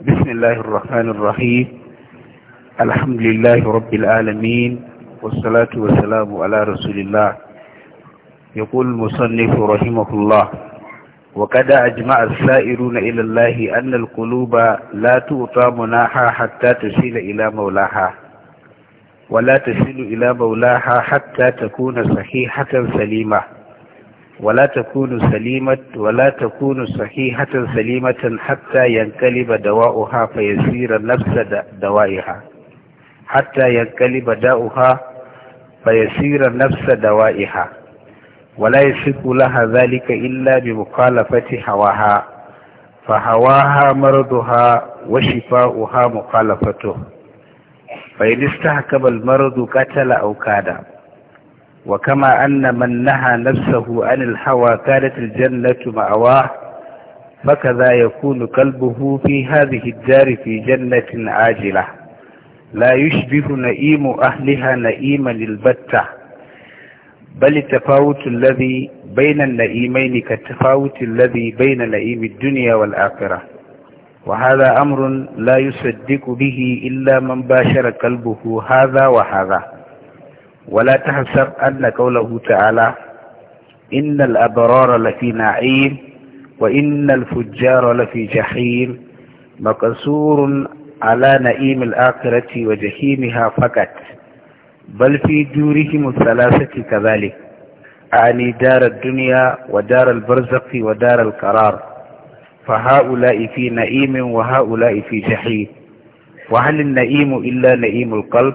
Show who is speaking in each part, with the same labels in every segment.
Speaker 1: بسم الله الرحمن الرحيم الحمد لله رب العالمين والصلاة والسلام على رسول الله يقول المصنف رحمه الله وقد أجمع السائرون إلى الله أن القلوب لا تؤطى مناحا حتى تسيل إلى مولاها ولا تسيل إلى مولاها حتى تكون صحيحة سليمة ولا تكون سليمة ولا تكون صحيحة سليمة حتى ينقلب دواؤها فيسير نفس دوائها حتى ينقلب داؤها فيسير نفس دوائها ولا يشك لها ذلك إلا بمخالفة هواها فهواها مرضها وشفاؤها مخالفته فإن استحكم المرض قتل أو كاد وكما أن من نهى نفسه عن الحوى كانت الجنة مأواه فكذا يكون كلبه في هذه الدار في جنة عاجلة لا يشبه نئيم أهلها نئيما البتة بل التفاوت الذي بين النئيمين كالتفاوت الذي بين نئيم الدنيا والآخرة وهذا أمر لا يصدق به إلا من باشر كلبه هذا وهذا ولا تحسب أن قوله تعالى إن الأبرار لفي نعيم وإن الفجار لفي جحيم مقصور على نعيم الآخرة وجحيمها فقط بل في دورهم الثلاثة كذلك أعني دار الدنيا ودار البرزق ودار القرار فهؤلاء في نعيم وهؤلاء في جحيم وهل النعيم إلا نعيم القلب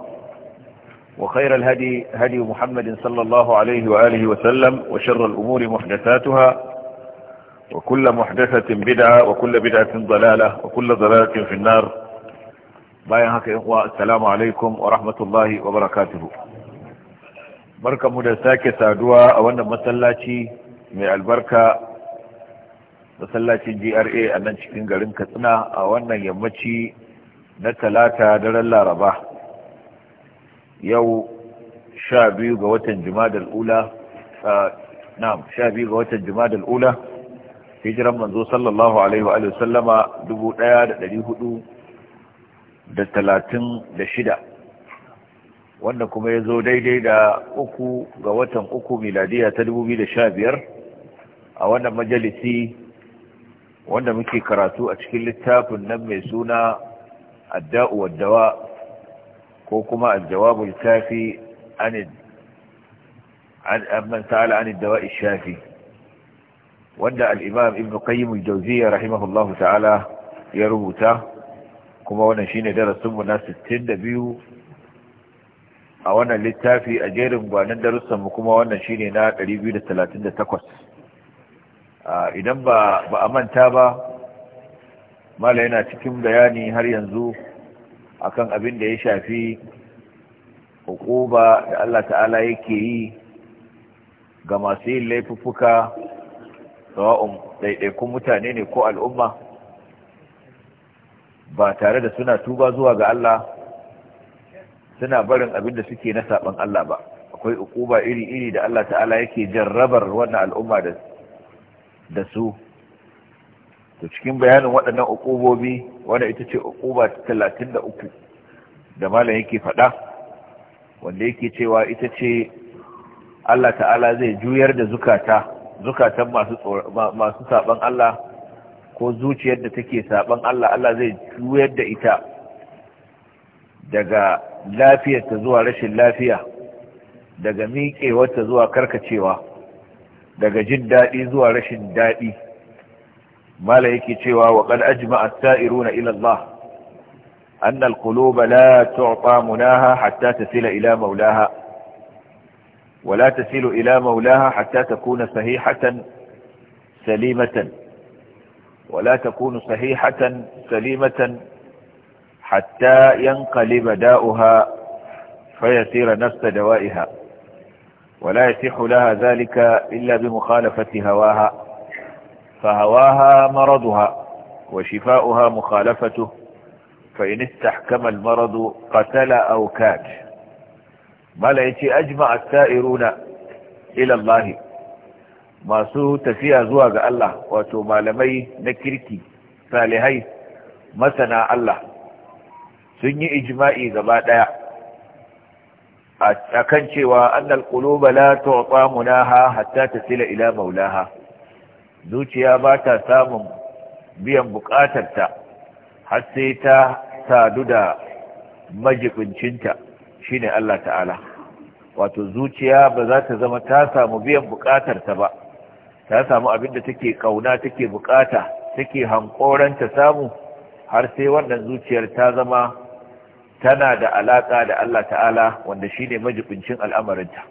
Speaker 2: وخير الهدي هدي محمد صلى الله عليه وآله وسلم وشر الأمور محدثاتها وكل محدثة بدعة وكل بدعة ضلالة وكل ضلالة في النار باين هكا إخوة السلام عليكم ورحمة الله وبركاته بركة مدساكة سادوة أولا مسلاتي من البركة مسلاتي جي ار اي أنا شكين قرن كتنا أولا يمتي نتلاتا دلال رباه yau sha biyu ga watan jumadal ula na'am sha biyu ga watan jumadal ula hijiran manzo sallallahu alaihi wa sallama dubu ɗaya da dari hudu da talatin da shida wanda kuma ya zo daidai da uku ga watan uku miladiya ta dubu biyu da sha biyar a wannan majalisi wanda muke karatu a cikin littafin nan mai suna adda'u waddawa ko kuma aljawabul kafi an amman ta'ala an dawa'i shafi wanda alimam imam ibn qayyim al-jawziyya rahimahullahu ta'ala ya rubuta kuma wannan shi darasin mu na 62 a wannan littafi a jerin gwanin darussanmu mu kuma wannan ne na 238 idan ba ba manta ba mala yana cikin bayani har yanzu akan abin da ya shafi hukuba da Allah ta'ala yake yi ga masu yin laifuffuka sawa'un ɗaiɗaikun mutane ne ko al'umma ba tare da suna tuba zuwa ga Allah suna barin abin da suke na saɓan Allah ba akwai hukuba iri-iri da Allah ta'ala yake jarrabar wannan al'umma da su to cikin bayanin waɗannan uƙubobi wanda ita ce talatin ta uku da malam yake faɗa wanda yake cewa ita ce Allah ta'ala zai juyar da zukata zukatan masu saɓan saban Allah ko zuciyar da take saɓan Allah Allah zai juyar da ita daga lafiyarta zuwa rashin lafiya daga miƙewarta zuwa karkacewa daga jin daɗi zuwa rashin daɗi mala yake cewa وقد اجمع ajma'a الى الله ان القلوب لا تعطى مناها حتى تسيل الى مولاها ولا تسيل إلى مولاها حتى تكون صحيحة سليمة ولا تكون صحيحة سليمة حتى ينقلب داؤها فيسير نفس دوائها ولا يتيح لها ذلك إلا بمخالفة هواها فهواها مرضها وشفاؤها مخالفته فإن استحكم المرض قتل أو كاد ما لأيتي أجمع السائرون إلى الله ما سوء تفيا زواج الله واتو لمي نكركي فالهي مثنى الله سني إجمائي زباد akan وأن القلوب لا تعطى مناها حتى تسل إلى مولاها zuciya ba ta samun biyan bukatarta har sai ta sadu da majibincinta shine Allah ta'ala wato zuciya ba za ta zama ta samu biyan bukatarta ba ta samu abin da take kauna take bukata take hankoran ta samu har sai wannan zuciyar ta zama tana da alaka da Allah ta'ala wanda shi ne majibincin al'amarinta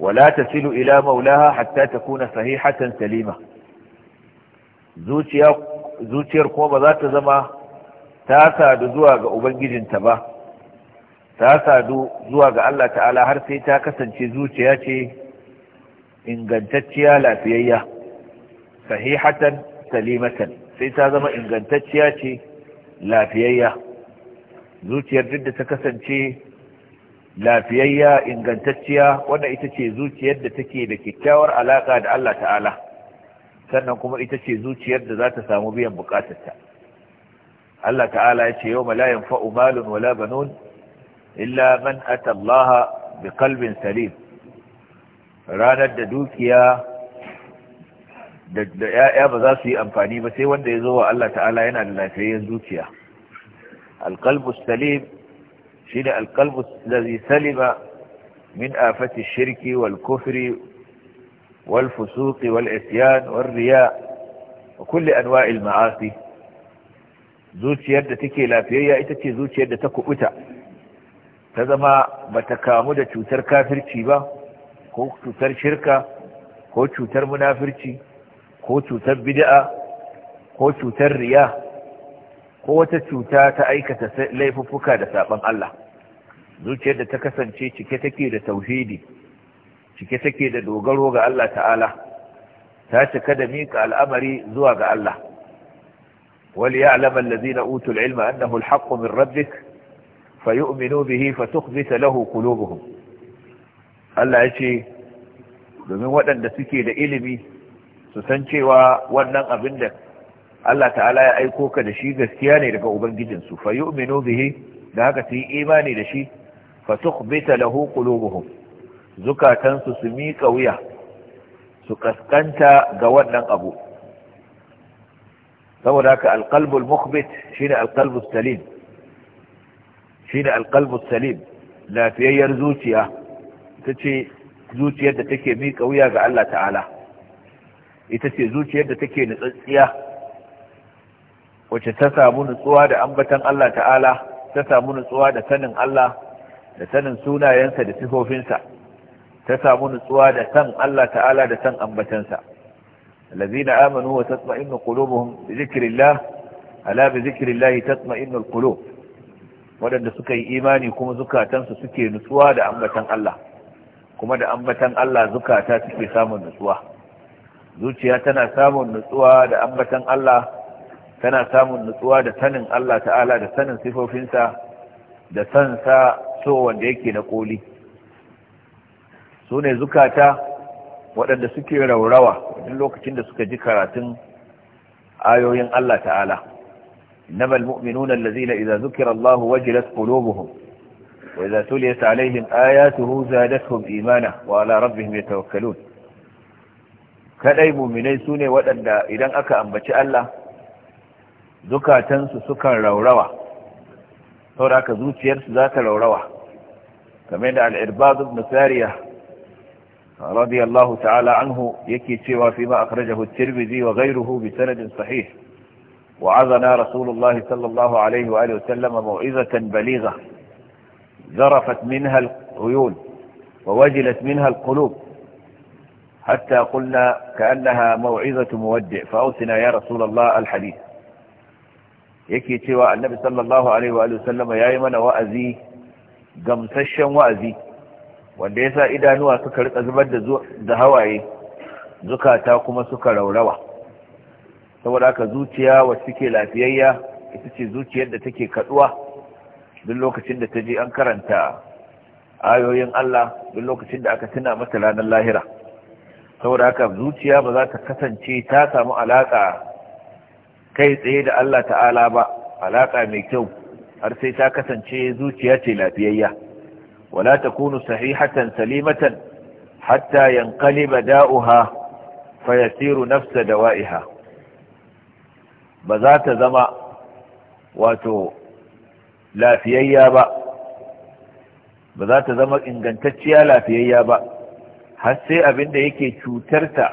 Speaker 2: wala tasilu ila maulaha hatta takuna sahihatan salima zuciyar kuma ba za ta zama ta sadu zuwa ga ubangijinta ba ta sadu zuwa ga Allah ta'ala har sai ta kasance zuciya ce ingantacciya lafiyayya sahihatan salimatan sai ta zama ingantacciya ce lafiyayya zuciyar duk da ta kasance lafiyayya ingantacciya wanda ita ce zuciyar da take da kyakkyawar alaka da Allah ta'ala sannan kuma ita ce zuciyar da za ta samu biyan bukatarta Allah ta'ala ya ce yau la yanfa'u malun wala banun illa man Atallaha bi salim ranar da dukiya da ya'ya ba za su yi amfani ba sai wanda ya zo wa Allah ta'ala yana da lafiyayyen zuciya alqalbu salim شيء القلب الذي سلم من آفة الشرك والكفر والفسوق والعصيان والرياء وكل أنواع المعاصي زوج يد تكي لا فيها إتكي زوج يد تكؤتا تزما بتكامدة تشوتر كافر تشيبا كو تشوتر شركا كو تشوتر منافر تشي كو تشوتر بدأ كو تشوتر رياه ko wata cuta ta aikata laifuffuka da saban Allah zuciyar da ta kasance cike take da tauhidi cike take da dogaro ga Allah ta'ala ta cika da miƙa al'amari zuwa ga Allah wali ya'lamu na utul ilma annahu al rabbi'k min rabbik fayu'minu bihi fatukhbita lahu qulubuhum Allah ya ce domin waɗanda suke da ilimi su san cewa wannan abin da Allah ta'ala ya aiko ka da shi gaskiya ne daga ubangijinsu fa yu'minu bihi da haka su yi imani da shi fa bita lahu qulubuhum zukatansu su miƙa wuya su kaskanta ga wannan abu saboda haka alqalbul shi ne alqalbus salim shine alqalbus salim lafiyayyar zuciya ita ce zuciyar da take miƙa wuya ga Allah ta'ala ita ce zuciyar da take nutsatsiya wacce ta samu nutsuwa da ambatan Allah ta'ala ta samu nutsuwa da sanin Allah da sanin sunayensa da sifofinsa ta samu nutsuwa da san Allah ta'ala da san ambatansa allazina amanu wa tatma'innu qulubuhum bi zikrillah ala bi zikrillah tatma'innul qulub wadanda suka yi imani kuma zukatansu suke nutsuwa da ambatan Allah kuma da ambatan Allah zukata suke samun nutsuwa zuciya tana samun nutsuwa da ambatan Allah tana samun nutsuwa da sanin Allah ta'ala da sanin sifofinsa da sansa so wanda yake na koli su ne zukata waɗanda suke raurawa wajen lokacin da suka ji karatun ayoyin Allah ta'ala innama almu'minuna allazina idza zukira Allahu wajilat qulubuhum wa idza tuliyat alaihim ayatuhu zadatuhum imana wa ala rabbihim yatawakkalun kadai mu'minai sune waɗanda idan aka ambaci Allah zukatansu sukan raurawa saboda haka zuciyarsu za ta raurawa kamar da al'irbadu ibn sariya radiyallahu ta'ala anhu yake cewa fi ma akhrajahu at-tirmidhi wa ghayruhu bi sanadin sahih وعظنا رسول الله صلى الله عليه وآله وسلم موعظة بليغة زرفت منها العيون ووجلت منها القلوب حتى قلنا كأنها موعظة مودع فأوسنا يا رسول الله الحديث yake cewa annabi sallallahu alaihi wa sallama yayi mana wa'azi gamsashen wa'azi wanda yasa idanuwa suka rika zubar da da hawaye zukata kuma suka raurawa saboda haka zuciya wacce take lafiyayya ita ce zuciyar da take kaduwa duk lokacin da ta je an karanta ayoyin Allah duk lokacin da aka tuna mata ranar lahira saboda haka zuciya ba za ta kasance ta samu alaka kai tsaye da Allah ta'ala ba alaƙa mai kyau har sai ta kasance zuciya ce lafiyayya wala kunu sahihatan salimatan hatta yanqaliba da'uha yasiru nafsa dawa'iha ba za ta zama wato lafiyayya ba ba za ta zama ingantacciya lafiyayya ba har sai abin da yake cutarta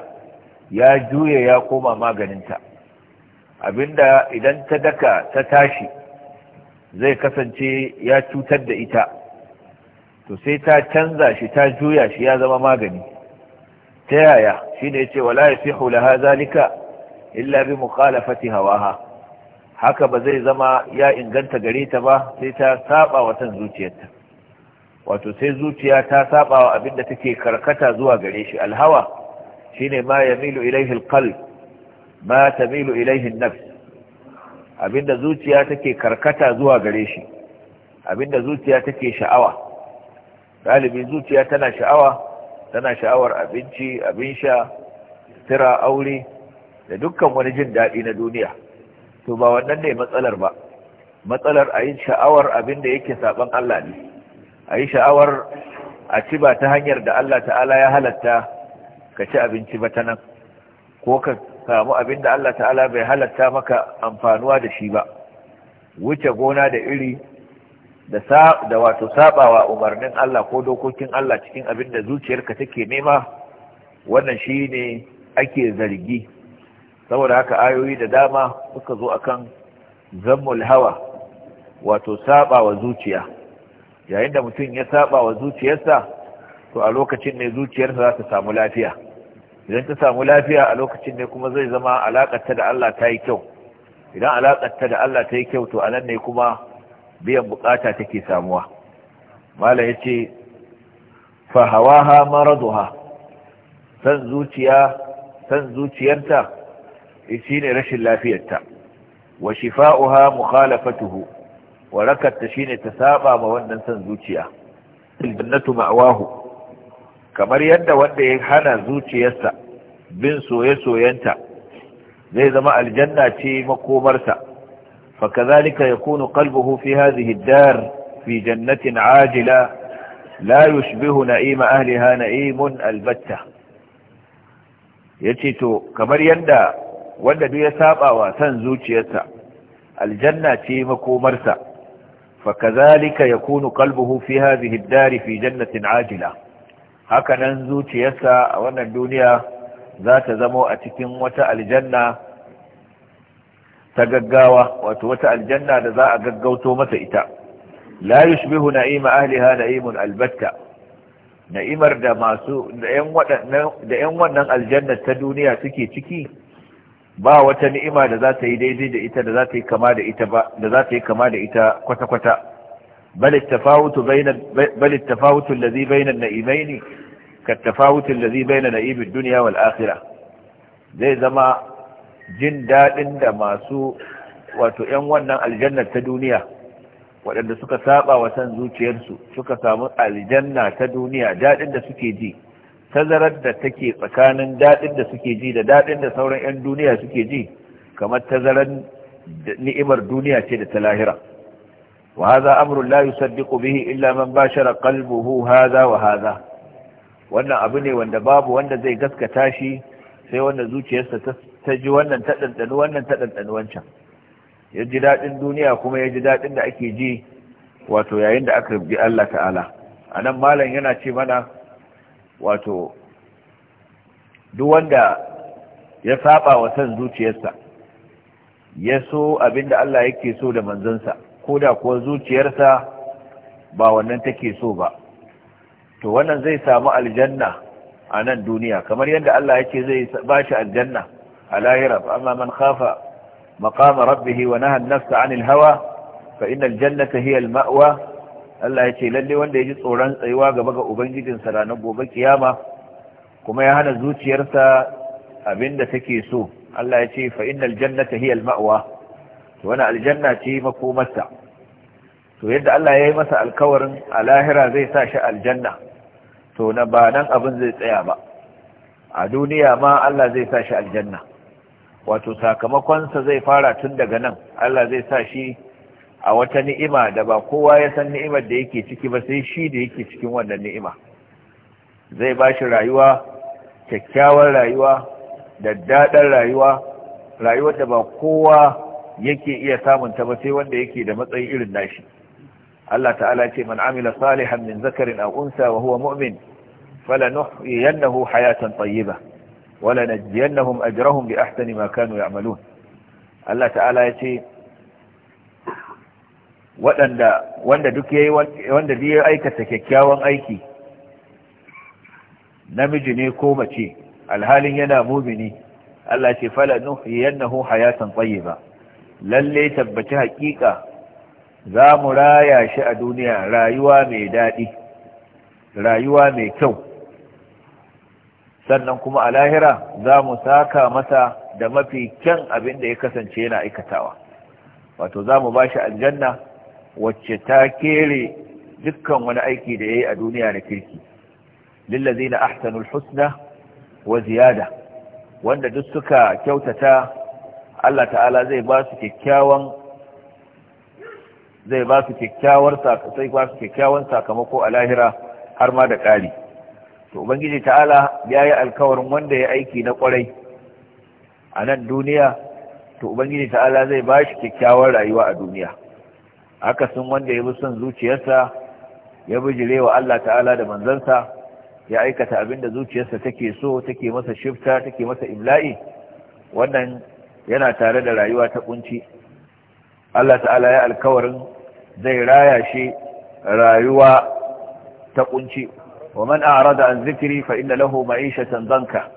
Speaker 2: ya juya ya koma maganinta abinda idan ta daka ta tashi zai kasance ya cutar da ita to sai ta canza shi ta juya shi ya zama magani ta yaya shi ne ce wala ya fi hulaha zalika illa bi mukhalafati hawaha haka ba zai zama ya inganta gare ta ba sai ta saba wa zuciyarta wato sai zuciya ta saba wa abinda take karkata zuwa gare shi alhawa shine ma yamilu ilaihi alqalb ma tamilu ilaihi nafs abinda zuciya take karkata zuwa gare shi abinda zuciya take sha'awa galibi zuciya tana sha'awa tana sha'awar abinci abin sha tira aure da dukkan wani jin daɗi na duniya to ba wannan ne matsalar ba matsalar a yi sha'awar abinda da yake saɓan Allah ne a yi sha'awar a ci ba ta hanyar da Allah ta'ala ya halatta ka ci abinci ba ta nan ko ka samu abin da Allah ta'ala bai halatta maka amfanuwa da shi ba wuce gona da iri da wato sabawa umarnin Allah ko dokokin Allah cikin abin da zuciyarka take nema wannan shi ne ake zargi saboda haka ayoyi da dama suka zo akan zammul hawa wato sabawa zuciya yayin da mutum ya sabawa zuciyarsa to a lokacin ne zuciyarsa za ta samu lafiya idan ta samu lafiya a lokacin ne kuma zai zama alaƙarta da Allah ta yi kyau idan alaƙarta da Allah ta yi kyau to anan ne kuma biyan bukata take samuwa mala ya ce fahawaha ha, san zuciya san zuciyarta eh, shi ne rashin lafiyarta wa shifa'uha mukhalafatuhu wa rakarta shine ta saba ma wannan san zuciya aljannatu ma'wahu kamar yadda wanda ya hana zuciyarsa bin soye-soyenta zai zama aljanna ce makomarsa فكذلك يكون قلبه في هذه الدار في جنة عاجلة لا يشبه نئيم أهلها نئيم البتة يتيتو كمر يندى وندى يسابع وتنزوج يسع الجنة تيمكو مرسع فكذلك يكون قلبه في هذه الدار في جنة عاجلة haka nan zuciyarsa a wannan duniya za ta zamo a cikin wata aljanna ta gaggawa wato wata aljanna da za a gaggauto masa ita la yushbihu na'ima ahliha na'imun albatta na'imar da masu da yan wannan aljanna ta duniya suke ciki ba wata ni'ima da za ta yi daidai da ita da za ta yi kama da ita kwata-kwata بل التفاوت بين بل التفاوت الذي بين النئيمين كالتفاوت الذي بين نئيم الدنيا والآخرة zai zama jin daɗin da masu wato 'yan wannan aljannar ta duniya waɗanda suka saba wa san zuciyarsu suka samu aljanna ta duniya dadin da suke ji tazarar da take tsakanin dadin da suke ji da dadin da sauran 'yan duniya suke ji kamar tazarar ni'imar duniya ce da ta lahira وهذا أمر لا يصدق به إلا من باشر قلبه هذا وهذا wannan abu ne wanda babu wanda zai gaskata shi sai wanda zuciyarsa ta ji wannan ta wannan ta wancan ya ji daɗin duniya kuma ya ji daɗin da ake ji wato yayin da aka bi Allah ta'ala a malam yana ce mana wato duk wanda ya saɓa wa san zuciyarsa ya so da Allah yake so da manzonsa. ko da kuwa zuciyarsa ba wannan take so ba to wannan zai samu aljanna a nan duniya kamar yadda Allah yake zai ba shi aljanna a lahira amma man khafa maqama rabbih wa nahan nafsa 'anil hawa fa innal jannata hiya al-ma'wa Allah yake lalle wanda yaji tsoron tsayuwa gaba ga ubangijin sa ranar gobe kiyama kuma ya hana zuciyarsa abinda take so Allah yake fa innal jannata hiya al-ma'wa to wani aljanna ce makomarsa to yadda Allah ya yi masa alkawarin a lahira zai sa shi aljanna to na ba nan abin zai tsaya ba a duniya ma Allah zai sa shi aljanna wato sakamakonsa zai fara tun daga nan Allah zai sa shi a wata ni'ima da ba kowa ya san ni'imar da yake ciki ba sai shi da yake cikin wannan ni'ima zai ba shi rayuwa kyakkyawar rayuwa daddadar rayuwa rayuwar da ba kowa yake iya samun ta ba sai wanda yake da matsayin irin nashi Allah ta'ala ce man amila salihan min zakarin aw unsa wa huwa mu'min falanuhyiyannahu hayatan tayyibah wa lanajziyannahum ajrahum bi ahsani ma kanu ya'malun Allah ta'ala ya ce waɗanda wanda duk yayi wanda duk ya aikata kyakkyawan aiki namiji ne ko mace alhalin yana mumini Allah ce falanuhyiyannahu hayatan tayyibah lalle tabbaci haƙiƙa za mu raya shi a duniya rayuwa mai daɗi rayuwa mai kyau sannan kuma a lahira za mu saka masa da mafi kyan abin da ya kasance yana aikatawa wato za mu ba shi aljanna wacce ta kere dukkan wani aiki da ya yi a duniya da kirki lillazi na ahsanul husna wa ziyada wanda duk suka kyautata Allah ta'ala zai ba su kyakkyawan zai ba su kyakkyawar sai ba su kyakkyawan sakamako a lahira har ma da ƙari to ubangiji ta'ala ya yi alkawarin wanda ya aiki na ƙwarai a nan duniya to ubangiji ta'ala zai ba shi kyakkyawar rayuwa a duniya haka akasin wanda ya bi son zuciyarsa ya bijire wa Allah ta'ala da manzansa ya aikata abin da zuciyarsa take so take masa shifta take masa imla'i wannan yana tare da rayuwa ta kunci Allah ta'ala ya alkawarin zai raya shi rayuwa ta kunci wa man a'rada an zikri fa inna lahu ma'ishatan danka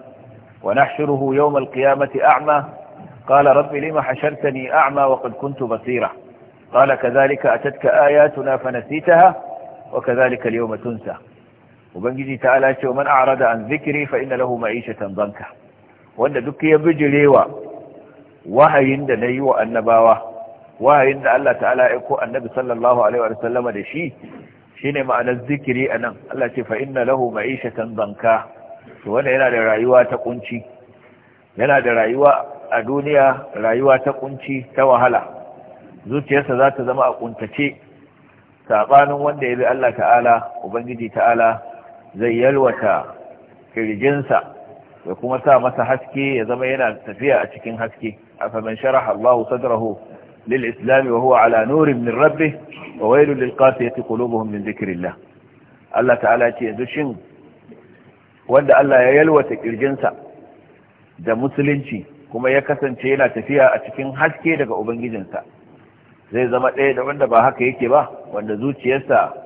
Speaker 2: wa nahshuruhu yawm al-qiyamati a'ma qala rabbi lima hashartani a'ma wa qad kuntu basira qala kadhalika atatka ayatuna fa nasitaha wa kadhalika al-yawma tunsa ubangiji ta'ala ya ce wa man a'rada an zikri fa inna lahu ma'ishatan danka wanda duk ya bijirewa wahayin da na yi wa annabawa wahayin da Allah ta'ala ya ko annabi sallallahu alaihi wa sallama da shi shine ma'anar zikiri anan Allah ce fa inna lahu ma'ishatan banka to wanda yana da rayuwa ta kunci yana da rayuwa a duniya rayuwa ta kunci ta wahala zuciyarsa za ta zama a kuntace saɓanin wanda ya bi Allah ta'ala ubangiji ta'ala zai yalwata kirjinsa ya kuma sa masa haske ya zama yana tafiya a cikin haske أفمن شرح الله صدره للإسلام وهو على نور من ربه وويل للقاسية قلوبهم من ذكر الله الله تعالى يتدشن wanda Allah ya yalwata kirjinsa da musulunci kuma ya kasance yana tafiya a cikin haske daga ubangijinsa zai zama ɗaya da wanda ba haka yake ba wanda zuciyarsa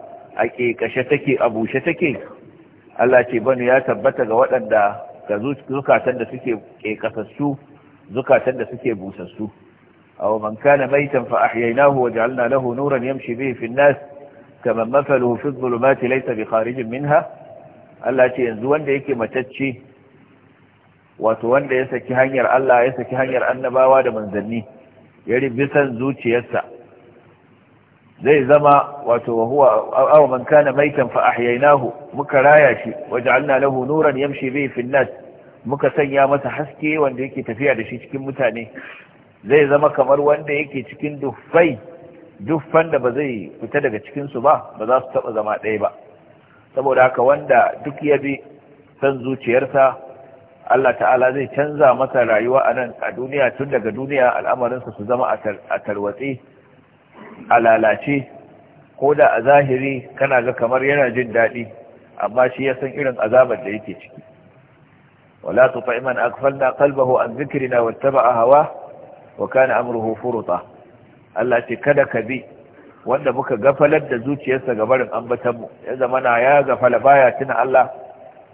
Speaker 2: a bushe take Allah ce bani ya tabbata ga waɗanda ga zukatan da suke ƙeƙasassu zukatan da suke busassu aw man kana maitan fa ahyaynahu wa ja'alna lahu nuran yamshi bihi fi an-nas kaman mathaluhu fi adh-dhulumati laysa bi kharijin minha Allah ce yanzu wanda yake matacce wato wanda ya saki hanyar Allah ya saki hanyar annabawa da manzanni ya rubi san zuciyarsa zai zama wato huwa aw man kana maitan fa ahyaynahu muka raya shi waja'alna lahu nuran yamshi bihi fi an-nas muka sanya masa haske wanda yake tafiya da shi cikin mutane zai zama kamar wanda yake cikin duffai duffan da ba zai fita daga cikinsu ba ba za su taɓa zama ɗaya ba saboda haka wanda duk ya bi san zuciyarsa Allah ta'ala zai canza masa rayuwa a nan a duniya tun daga duniya al'amarinsa su zama a tarwatsi, a lalace ko da a zahiri kana ga kamar yana jin daɗi amma shi ya san irin azabar da yake ciki ولا تطع na أغفلنا قلبه عن ذكرنا واتبع هواه وكان أمره فرطا Allah ce kada ka bi wanda muka gafalar da zuciyarsa ga barin ambatanmu ya zama na ya gafala baya tuna Allah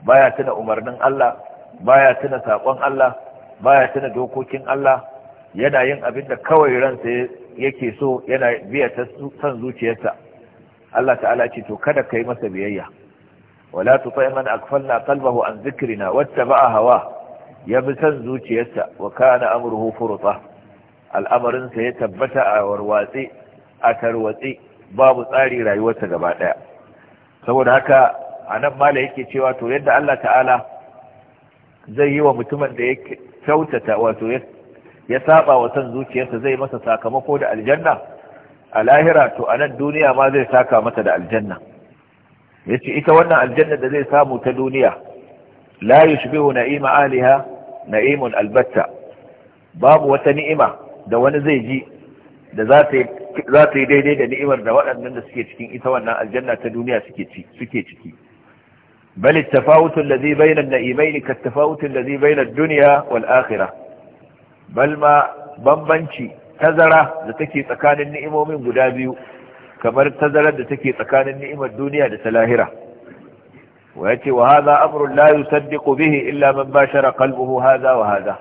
Speaker 2: baya tuna umarnin Allah baya tuna sakon Allah baya tuna dokokin Allah yana yin abin da kawai ransa yake so yana biya ta san zuciyarsa Allah ta'ala ce to kada kai masa biyayya Wala ولا تطع من أكفلنا قلبه عن ذكرنا واتبع هواه يبسن زوجيسا وكان أمره فرطة الأمر سيتبت أورواتي أترواتي babu tsari rayuwarsa gaba daya saboda haka anan mala yake cewa to yadda Allah ta'ala zai yi wa mutumin da ya kyautata wato ya saba wa san zuciyarsa zai masa sakamako da aljanna a lahira to anan duniya ma zai saka masa da aljanna Ya ce ita wannan aljanna da zai samu ta duniya la yushbihu na'ima aliha na'imun albatta babu wata ni'ima da wani zai ji da za ta yi daidai da ni'imar da waɗannan da suke cikin ita wannan aljanna ta duniya suke ciki zai na'imai بل التفاوت الذي بين النئيمين كالتفاوت duniya بين الدنيا والآخرة bambanci tazara da take tsakanin ni'imomin guda biyu. kamar tazarar da take tsakanin ni'imar duniya da ta lahira wa ce wa hadha amrun la yusaddiqu bihi illa man bashara qalbuhu haza wa haza.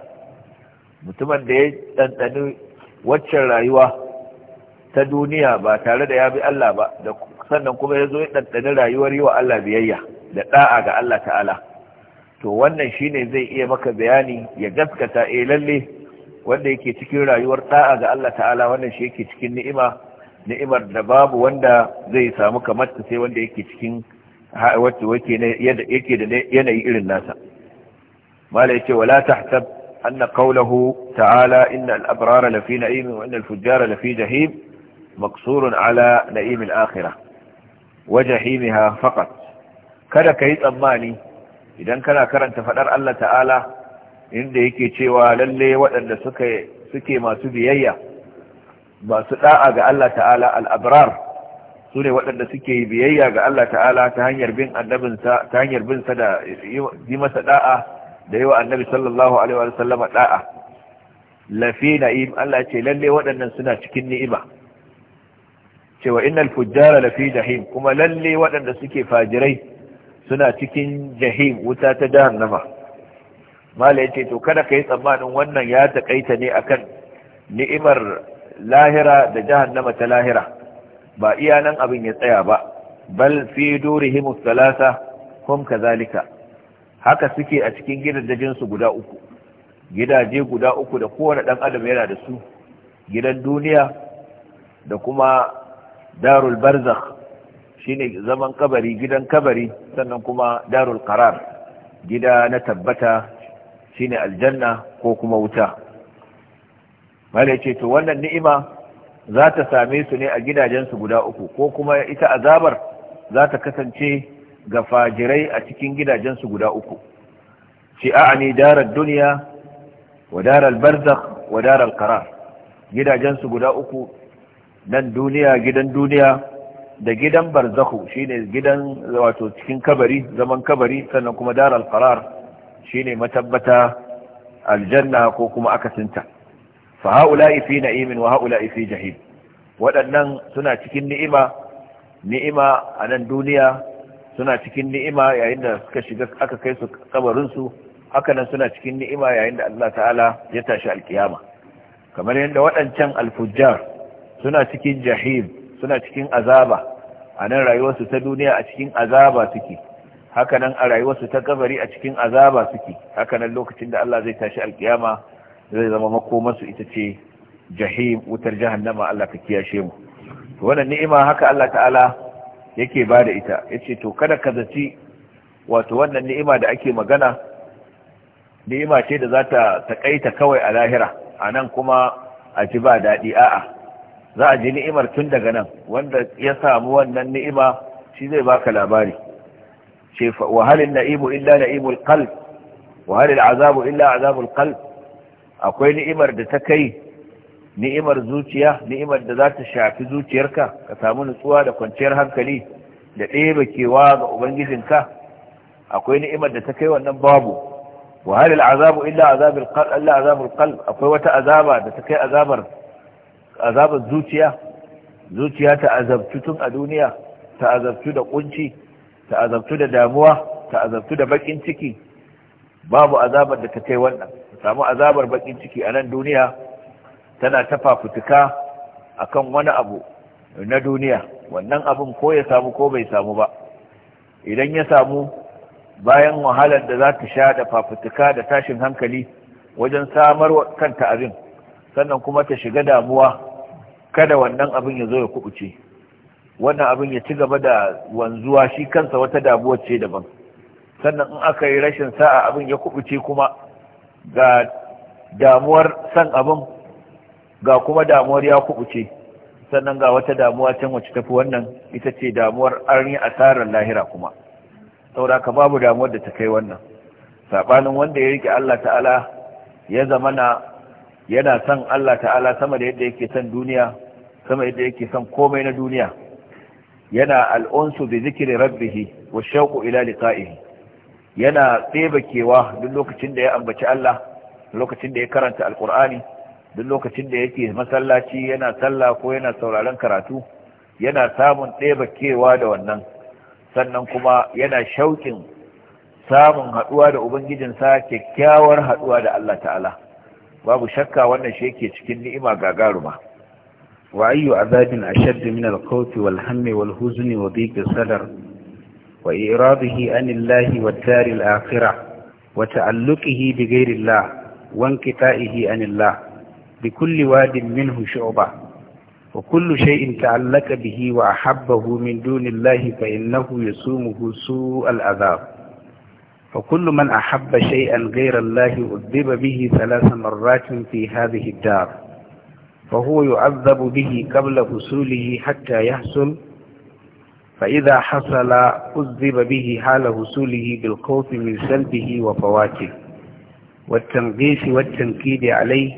Speaker 2: mutumin da ya dandani waccan rayuwa ta duniya ba tare da ya bi Allah ba da sannan kuma ya zo ya rayuwar yi wa Allah biyayya da ɗa'a ga Allah ta'ala to wannan shine zai iya maka bayani ya gaskata e lalle wanda yake cikin rayuwar ɗa'a ga Allah ta'ala wannan shi yake cikin ni'ima ni'imar da babu wanda zai samu kamar ta sai wanda yake cikin wacce yake da yanayi irin nasa mala yake wala tahtab anna qawluhu ta'ala inna al-abrara fi na'im wa inna al la fi jahim maqsurun ala na'im al-akhirah wa jahimha faqat kada kai tsammani idan kana karanta fadar Allah ta'ala inda yake cewa lalle waɗanda suke suke masu biyayya masu da'a ga Allah ta'ala al'abrar su ne waɗanda suke biyayya ga Allah ta'ala ta hanyar bin sa da yi masa da'a da yi wa annabi sallallahu alaihi wa sallama da'a lafi na'im Allah ce lalle waɗannan suna cikin ni'ima cewa innal fujjara lafi jahim kuma lalle waɗanda suke fajirai suna cikin jahim wuta ta jahannama mala yace to kada kai tsammanin wannan ya takaita ne akan ni'imar lahira da jahannama ta lahira ba iya nan abin ya tsaya ba bal fi durihim thalatha hum kazalika haka suke a cikin gidajen su guda uku gidaje guda uku da kowane dan adam yana da su gidan duniya da kuma darul barzakh shine zaman kabari gidan kabari sannan kuma darul qarar gida na tabbata shine aljanna ko kuma wuta mala ce to wannan ni'ima za ta same su ne a gidajensu guda uku ko kuma ita azabar za ta kasance ga fajirai a cikin gidajensu guda uku shi ne darar duniya wa darar barzakh wa darar qarar gidajensu guda uku nan duniya gidan duniya da gidan barzahu shine gidan wato cikin kabari zaman kabari sannan kuma darar qarar shine matabbata aljanna ko kuma akasinta fa haula'i fi na'imin wa haula'i fi jahim waɗannan suna cikin ni'ima ni'ima a nan duniya suna cikin ni'ima yayin da suka shiga aka kai su kabarin su haka nan suna cikin ni'ima yayin da Allah ta'ala ya tashi alkiyama kamar yadda waɗancan alfujjar suna cikin jahim suna cikin azaba a nan rayuwarsu ta duniya a cikin azaba suke haka nan a rayuwarsu ta kabari a cikin azaba suke haka nan lokacin da Allah zai tashi alkiyama zai zama makomansu ita ce jahim wutar jahannama Allah ka kiyashe mu wannan ni'ima haka Allah ta'ala yake bada ita yace to kada ka zaci wato wannan ni'ima da ake magana ni'ima ce da za ta takaita kawai a lahira anan kuma a ji ba daɗi a'a za a ji ni'imar tun daga nan wanda ya samu wannan ni'ima shi zai baka labari ce na'imu illa na'imul qalb Wahalin azabu illa azabul qalb akwai ni'imar da ta kai ni'imar zuciya ni'imar da za ta shafi zuciyarka ka samu nutsuwa da kwanciyar hankali da ɗebe kewa ga ubangijinka akwai ni'imar da ta kai wannan babu wahalal azabu illa azabul qalb akwai wata azaba da ta kai azabar azabar zuciya zuciya ta azabtu tun a duniya ta azabtu da kunci ta azabtu da damuwa ta azabtu da bakin ciki babu azabar da ta kai wannan samu azabar bakin ciki a nan duniya tana ta fafutuka akan wani abu na duniya wannan abin ko ya samu ko bai samu ba idan ya samu bayan wahalar da za ta sha da fafutuka da tashin hankali wajen samar kanta abin sannan kuma ta shiga damuwa kada wannan abin ya zo ya kubuce wannan abin ya ci gaba da wanzuwa shi kansa wata damuwa ce daban sannan in aka yi rashin sa'a abin ya kubuce kuma ga damuwar san abin ga kuma damuwar ya kubuce sannan ga wata damuwa can wacce tafi wannan ita ce damuwar an yi asarar lahira kuma Saura ka babu damuwar da ta kai wannan saɓanin wanda ya rike Allah ta'ala ya na yana son Allah ta'ala sama da yadda yake son duniya sama yadda yake son komai na duniya yana al'unsu bi zikiri rabbihi wa shauku ila liqa'ihi yana tsebakewa duk lokacin da ya ambaci Allah lokacin da ya karanta alkur'ani duk lokacin da yake masallaci yana sallah ko yana sauraron karatu yana samun tsebakewa da wannan sannan kuma yana shauƙin samun haɗuwa da ubangijinsa kyakkyawar haɗuwa da Allah ta'ala babu shakka wannan shi yake cikin ni'ima gagaruma
Speaker 1: wa ayyu azabin ashadd min al-khawf wal-hammi wal-huzni wa dhiqi sadr وإيراده عن الله والدار الآخرة وتعلقه بغير الله وانقطاعه عن الله بكل واد منه شعبة وكل شيء تعلق به وأحبه من دون الله فإنه يسومه سوء العذاب وكل من أحب شيئا غير الله عذب به ثلاث مرات في هذه الدار فهو يعذب به قبل حصوله حتى يحصل فإذا حصل أذب به حال وصوله بالخوف من سلبه وفواته والتنقيس والتنكيد عليه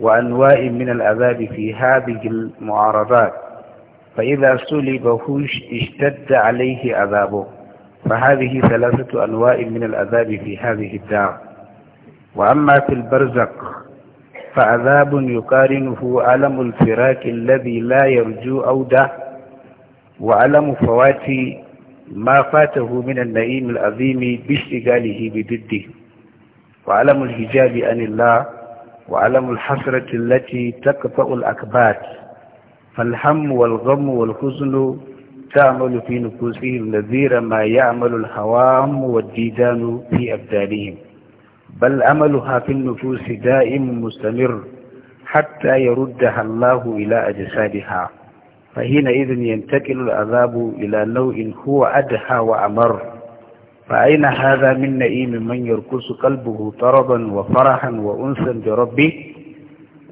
Speaker 1: وأنواع من العذاب في هذه المعارضات فإذا سلبه اشتد عليه عذابه فهذه ثلاثة أنواع من العذاب في هذه الدار وأما في البرزق فعذاب يقارنه ألم الفراق الذي لا يرجو أوده وعلم فوات ما فاته من النعيم العظيم باشتغاله بضده وعلم الحجاب عن الله وعلم الحسرة التي تقطع الأكبات فالهم والغم والحزن تعمل في نفوسهم نذير ما يعمل الهوام والديدان في أبدانهم بل عملها في النفوس دائم مستمر حتى يردها الله إلى أجسادها فحينئذ ينتقل العذاب إلى نوع هو أدهى وأمر فأين هذا من نئيم من يركس قلبه طربا وفرحا وأنسا بربه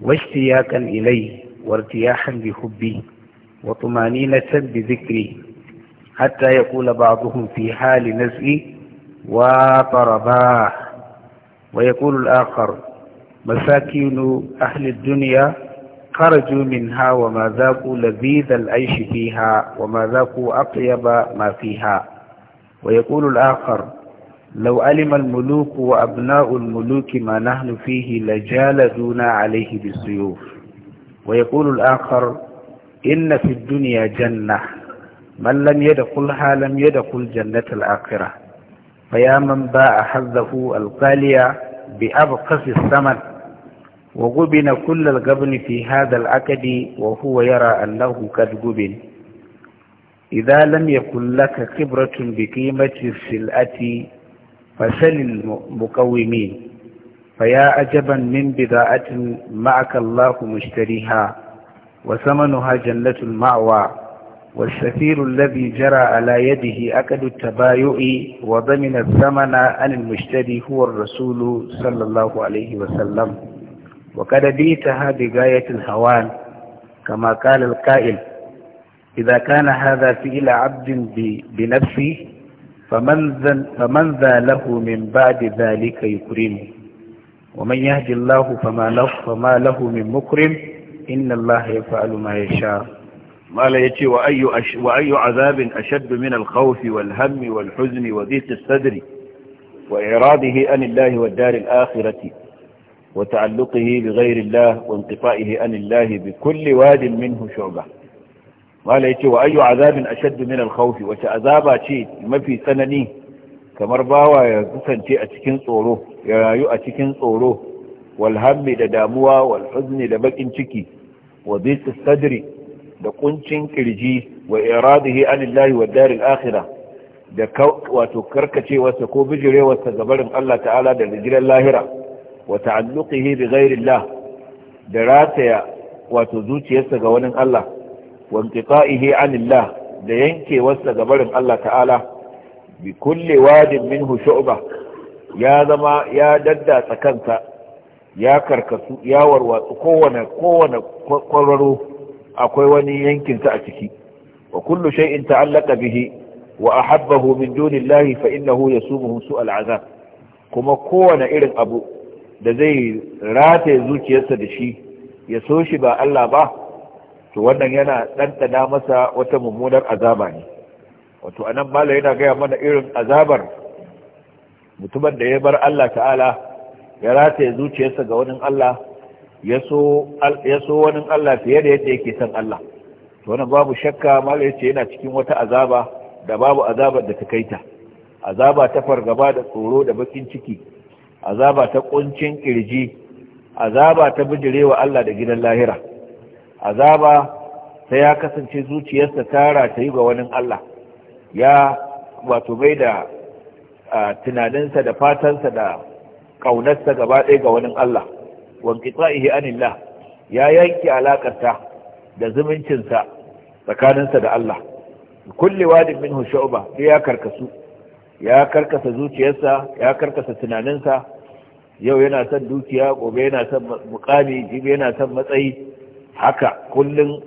Speaker 1: واشتياقا إليه وارتياحا بحبه وطمانينة بذكره حتى يقول بعضهم في حال نزعه وطرباه ويقول الآخر مساكين أهل الدنيا خرجوا منها وما ذاقوا لذيذ العيش فيها وما ذاقوا أطيب ما فيها ويقول الآخر لو علم الملوك وأبناء الملوك ما نحن فيه لجالدونا عليه بالسيوف ويقول الآخر إن في الدنيا جنة من لم يدخلها لم يدخل جنة الآخرة فيا من باع حظه القالية بأبقس الثمن وغبن كل الغبن في هذا العقد وهو يرى أنه قد غبن إذا لم يكن لك خبرة بقيمة السلعة فسل المقومين فيا عجبا من بضاعة معك الله مشتريها وثمنها جنة المأوى والسفير الذي جرى على يده أكد التبايع وضمن الثمن أن المشتري هو الرسول صلى الله عليه وسلم وقد بيتها بغاية الهوان كما قال القائل إذا كان هذا فعل عبد بنفسه فمن ذا, فمن ذا له من بعد ذلك يكرمه ومن يهد الله فما له, فما له من مكرم إن الله يفعل ما يشاء
Speaker 2: ما لا يتي وأي, أش وأي عذاب أشد من الخوف والهم والحزن وضيق الصدر وإعراضه عن الله والدار الآخرة وتعلقه بغير الله وانقفائه عن الله بكل واد منه شعبه قال ايتي واي عذاب اشد من الخوف وتعذابا azaba ce mafi tsanani kamar bawa ya kusance a cikin tsoro ya rayu a cikin tsoro walhammi da damuwa walhuzni da bakin ciki wa bisu sadri da kuncin kirji wa iradihi anillahi wa darin akhira da wato karkace wata ko bijirewa ta barin Allah ta'ala da rigiran lahira wa ta'alluqihi bi ghairillah da rataya wato zuciyarsa ga wani Allah wa inqita'ihi anillah da yankewarsa ga barin Allah ta'ala bi kulli wadin minhu shu'ba ya zama ya daddatsa kansa ya karkasu ya warwatsu kowane kowane kwararo akwai wani yankinsa a ciki wa kullu shay'in ta'allaqa bihi wa ahabbahu min dunillahi fa ya yasumuhu su'al azab kuma kowane irin abu da zai rataye zuciyarsa da shi ya so shi ba Allah ba to wannan yana ɗanɗana masa wata mummunar azaba ne wato anan mala yana gaya mana irin azabar mutumin da ya bar Allah ta'ala ya rataye zuciyarsa ga wani Allah ya so wani Allah fiye da yadda yake son Allah to wannan babu shakka mala yace yana cikin wata azaba da babu azabar da ta kaita azaba ta fargaba da tsoro da bakin ciki azaba ta kuncin kirji azaba ta bijirewa Allah da gidan lahira azaba ta ya kasance zuciyarsa tara ta yi ga wani Allah ya wato bai da tunaninsa da fatansa da ƙaunarsa gaba ɗaya ga wani Allah wanqita'ihi anillah ya yanke alakarta da zumuncinsa tsakaninsa da Allah kulli wadin min hushoba ya karkasu ya karkasa zuciyarsa ya karkasa tunaninsa yau yana son dukiya gobe yana son mukami jibi yana son matsayi haka kullum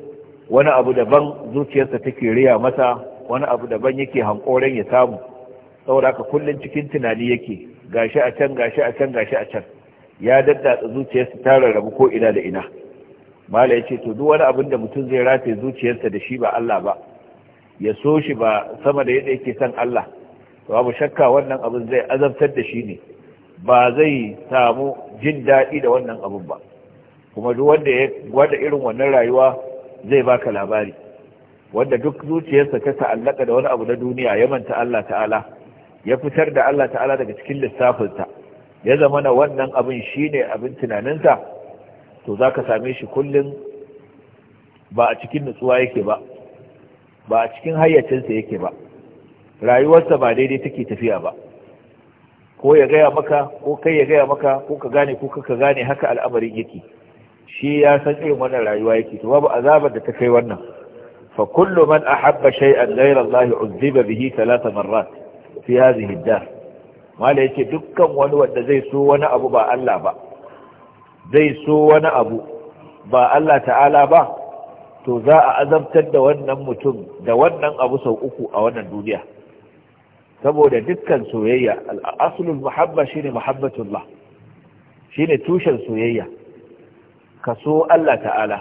Speaker 2: wani abu daban zuciyarsa take riya masa wani abu daban yake hankoren ya samu saboda haka kullum cikin tunani yake gashi a can gashi a can gashi a can ya daddatsa zuciyarsa ta rarrabu ko ina da ina ya ce to duk wani abin da mutum zai rataye zuciyarsa da shi ba Allah ba ya so shi ba sama da yadda yake son Allah to babu shakka wannan abin zai azabtar da shi ne ba zai samu jin daɗi da wannan abin ba kuma duk wanda ya gwada irin wannan rayuwa zai baka labari wanda duk zuciyarsa ta ta'allaka da wani abu na duniya ya manta Allah ta'ala ya fitar da Allah ta'ala daga cikin lissafinsa ya zama na wannan abin shine abin tunaninsa to za ka same shi kullum ba a cikin nutsuwa yake ba ba a cikin hayyacinsa yake ba rayuwarsa ba daidai take tafiya ba ko ya gaya maka ko kai ya gaya maka ko ka gane ko ka gane haka al'amarin yake shi ya san irin wannan rayuwa yake to babu azabar da ta kai wannan fa kullu man ahabba shay'an ghayra Allah uzziba bihi thalatha marrat fi hadhihi ad-dar mala yake dukkan wani wanda zai so wani abu ba Allah ba zai so wani abu ba Allah ta'ala ba to za a azabtar da wannan mutum da wannan abu sau uku a wannan duniya saboda dukkan soyayya al'asulul muhabba shine muhabbatullah shine tushen soyayya ka so Allah ta'ala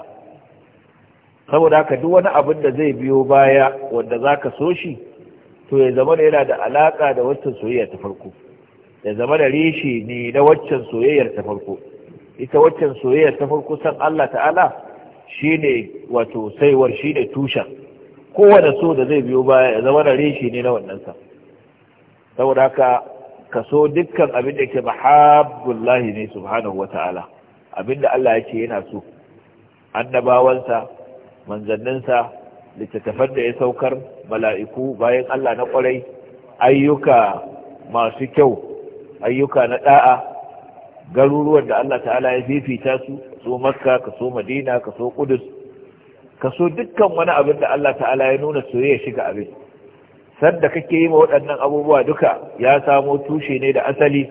Speaker 2: saboda ka duk wani abin da zai biyo baya wanda zaka so shi to ya zama yana da alaƙa da waccan soyayya ta farko ya zama da rishi ne na waccan soyayyar ta farko ita waccan soyayyar ta farko san Allah ta'ala shine wato saiwar shine tushen kowane so da zai biyo baya ya zama da rishi ne na wannan sa saboda ka kaso dukkan abin da ke mahabbullahi ne subhanahu wata'ala abin da Allah ce yana so annabawansa manzanninsa littattafan da ya saukar mala'iku bayan Allah na kwarai ayyuka masu kyau ayyuka na da'a garuruwan da Allah ta'ala ya fifita su so makka kaso madina kaso kudus kaso dukkan wani abin da Allah ta'ala ya nuna soyayya shiga abin sadda kake yi ma waɗannan abubuwa duka ya samo tushe ne da asali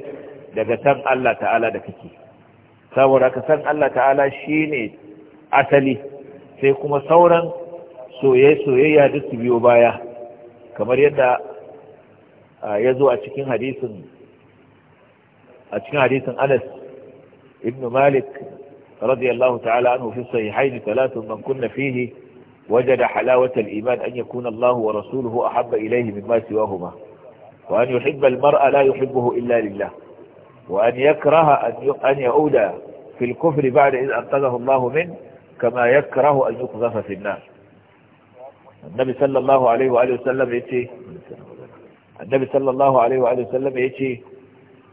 Speaker 2: daga san Allah ta'ala da kake saboda ka san Allah ta'ala ne asali sai kuma sauran soyayya duk su biyo baya kamar yadda ya zo a cikin hadisin a cikin hadisin Anas ibn Malik radiyallahu ta'ala an fi sahihaini talatin man kunna fihi وجد حلاوة الإيمان أن يكون الله ورسوله أحب إليه مما سواهما وأن يحب المرأة لا يحبه إلا لله وأن يكره أن يؤدى في الكفر بعد إذ أنقذه الله منه كما يكره أن يقذف في النار النبي صلى الله عليه وآله وسلم يتي النبي صلى الله عليه وآله وسلم يتي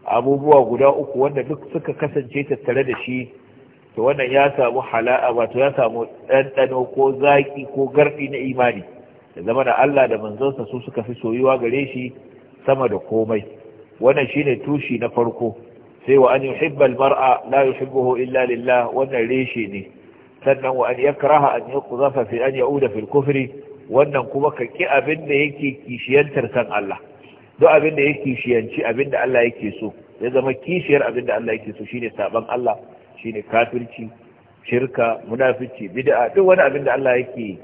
Speaker 2: أبو بوا uku وأن duk suka كسن جيت التلدشي to wannan ya samu hala'a wato ya samu ɗanɗano ko zaƙi ko garɗi na imani da zama da Allah da manzonsa su suka fi soyuwa gare shi sama da komai wannan shine tushi na farko sai wa an yuhibba almar'a la yuhibbuhu illa lillah wannan reshe ne sannan wa an yakraha an yuqzafa fi an yauda fil kufri wannan kuma ka ki abin da yake kishiyantar san Allah duk abin da yake kishiyanci abin da Allah yake so ya zama kishiyar abin da Allah yake so shine saban Allah shine kafirci shirka munafici bid'a duk wani abin da Allah yake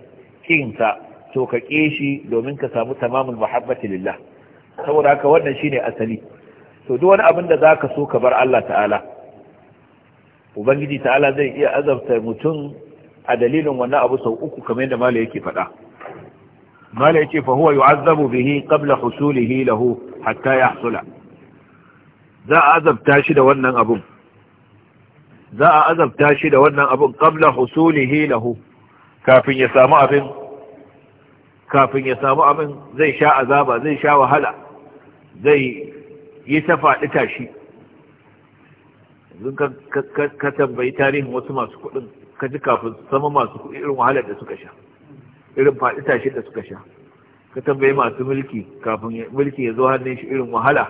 Speaker 2: kinsa to ka shi domin ka samu tamamul mahabbati lillah saboda haka wannan shine asali to duk wani abin da za ka so ka bar Allah ta'ala ubangiji ta'ala zai iya azabta mutum a dalilin wannan abu sau uku kamar yadda mala yake faɗa mala yake fa huwa yu'azzabu bihi qabla husulihi lahu hatta yahsula za a azabta shi da wannan abun za a azabta shi da wannan abin qabla husulihi lahu kafin ya samu abin kafin ya samu abin zai sha azaba zai sha wahala zai yi ta faɗi tashi yanzu ka tambayi tarihin wasu masu kuɗin ka ji kafin sama masu kuɗi irin wahalar da suka sha irin faɗi tashi da suka sha ka tambayi masu mulki kafin mulki ya zo hannun shi irin wahala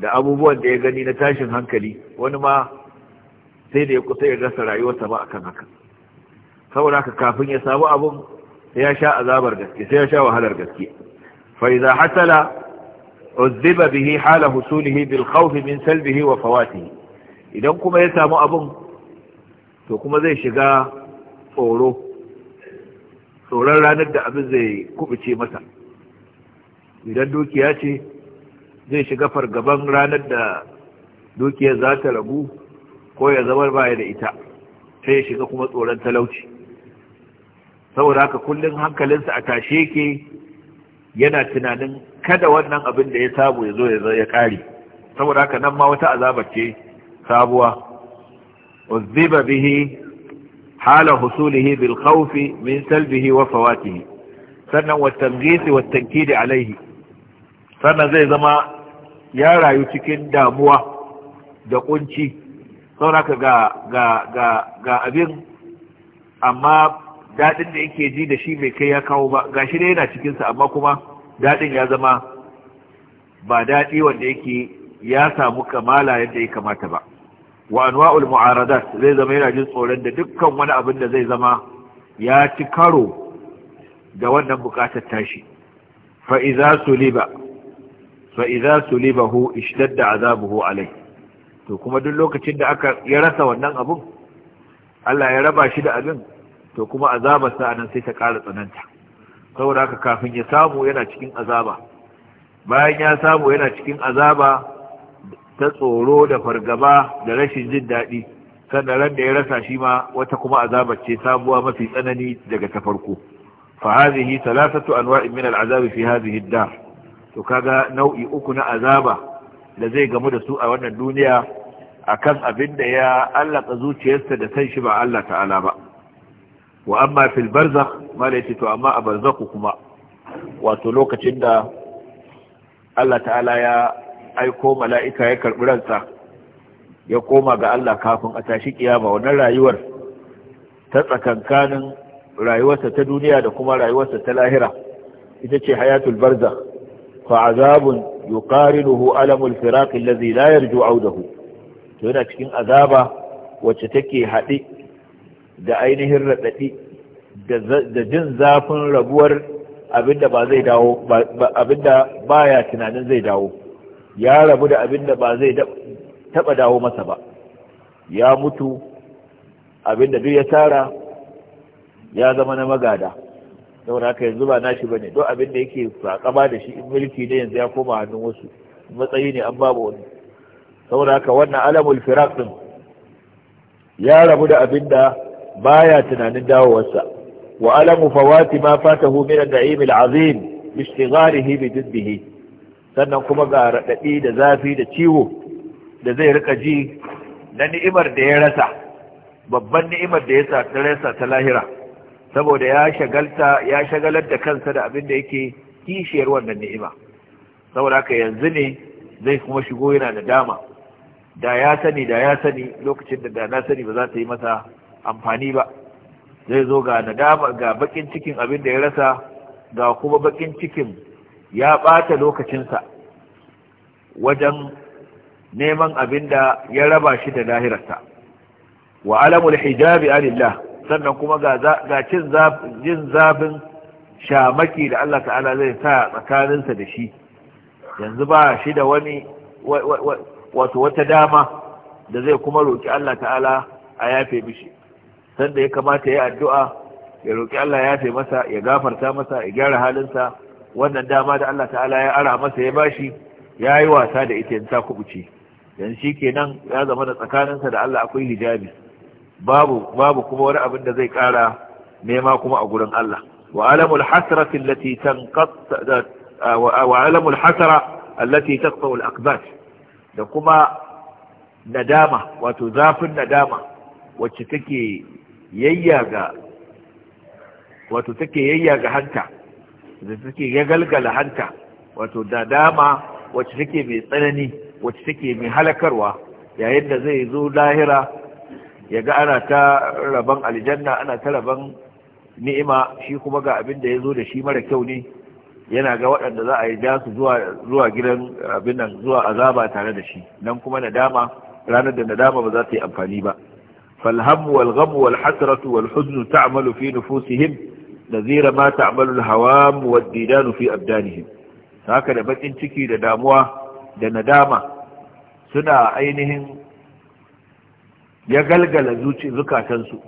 Speaker 2: da abubuwan da ya gani na tashin hankali wani ma sai da ya kusa ya rasa rayuwarsa ba akan haka saboda haka kafin ya samu abun sai ya sha azabar gaske sai ya sha wahalar gaske fa idza hasala uzziba bihi hala husulihi bil khawf min salbihi wa fawatihi idan kuma ya samu abun to kuma zai shiga tsoro tsoron ranar da abin zai kubuce masa idan dukiya ce zai shiga fargaban ranar da dukiyar za ta ragu ko ya zama baya da ita sai ya shiga kuma tsoron talauci saboda haka kullum hankalinsa a tashe ke yana tunanin kada wannan abin da ya samu ya zo ya kare saboda haka nan ma wata azabar ce sabuwa uzziba bihi hala husulihi bil khawfi min salbihi wa fawatihi sannan wa tamghisi wa tankidi alaihi sannan zai zama ya rayu cikin damuwa da kunci ka ga ga ga ga abin amma daɗin da yake ji da shi mai kai ya kawo ba ga shi ne yana cikinsa amma kuma daɗin ya zama ba daɗi wanda yake ya samu kamala yadda ya kamata ba wa anwa'ul mu'aradat zai zama yana jin tsoron da dukkan wani abin da zai zama ya ci karo da wannan bukatar tashi fa idza suliba fa idza sulibahu ishtadda azabuhu alayhi to kuma duk lokacin da aka ya rasa wannan abun Allah ya raba shi da abin to kuma azabarsa anan sai ta ƙara tsananta saboda haka kafin ya samu yana cikin azaba bayan ya samu yana cikin azaba ta tsoro da fargaba da rashin jin daɗi sannan ran da ya rasa shi ma wata kuma azabar ce sabuwa mafi tsanani daga ta farko fa hadhihi thalathatu anwa'in min al'azabi fi hadhihi ad-dar to kaga nau'i uku na azaba da zai gamu da su a wannan duniya akan abin da ya allaka zuciyarsa da san shi ba Allah ta'ala ba wa amma fil barzakh to amma a barzakhu kuma wato lokacin da Allah ta'ala ya aiko mala'ika ya karbi ransa ya koma ga Allah kafin a tashi kiyama wannan rayuwar ta tsakankanin rayuwarsa ta duniya da kuma rayuwarsa ta lahira ita ce hayatul barzakh fa azabun yuqarinuhu alamul firaq allazi la yarju audahu to yana cikin azaba wacce take haɗe da ainihin radadi da jin zafin rabuwar abinda ba zai dawo abinda baya tunanin zai dawo ya rabu da abinda ba zai taba dawo masa ba ya mutu abinda duk ya tara ya zama na magada saboda haka yanzu ba nashi bane don abin da yake sakaba da shi in mulki ne yanzu ya koma hannun wasu matsayi ne an babu wani saboda haka wannan alamul firaq din ya rabu da abin da baya tunanin dawowarsa wa alamu fawati ma fatahu min an-na'im al-azim bi ishtigharihi sannan kuma ga radadi da zafi da ciwo da zai rika ji na ni'imar da ya rasa babban ni'imar da ya sa rasa ta lahira saboda ya shagalta ya shagalar da kansa da abin da yake kishiyar wannan ni'ima saboda haka yanzu ne zai kuma shigo yana da dama da ya sani da ya sani lokacin da da na sani ba za ta yi masa amfani ba zai zo ga nadama ga bakin cikin abin da ya rasa ga kuma bakin cikin ya bata lokacinsa wajen neman abin da ya raba shi da lahirarsa wa alamul hijabi alillah sannan kuma ga cin jin zafin shamaki da Allah ta'ala zai sa tsakaninsa da shi yanzu ba shi da wani wato wata dama da zai kuma roƙi Allah ta'ala a yafe mishi sanda ya kamata ya addu'a ya roƙi Allah ya yafe masa ya gafarta masa ya gyara halinsa wannan dama da Allah ta'ala ya ara masa ya bashi ya yi wasa da ita ta kubuce yanzu shi kenan ya zama da tsakaninsa da Allah akwai hijabi babu babu kuma wani abin da zai kara nema kuma a gurin Allah wa alamul hasrati allati tanqata wa alamul da kuma nadama wato zafin nadama wacce take yayyaga wato take yayyaga hanta da take yagalgala hanta wato nadama wacce take mai tsanani wacce take mai halakarwa yayin da zai zo lahira ya ga ana ta raban aljanna ana ta raban ni'ima shi kuma ga abin da ya zo da shi mara kyau ne yana ga waɗanda za a yi dasu su zuwa gidan abin nan zuwa azaba tare da shi nan kuma nadama ranar da nadama ba za ta yi amfani ba falhamu wal ghamu wal hasratu wal huznu ta'malu fi nufusihim nazira ma ta'malu al hawam wad didanu fi abdanihim haka da bakin ciki da damuwa da nadama suna ainihin ya galgala zukatansu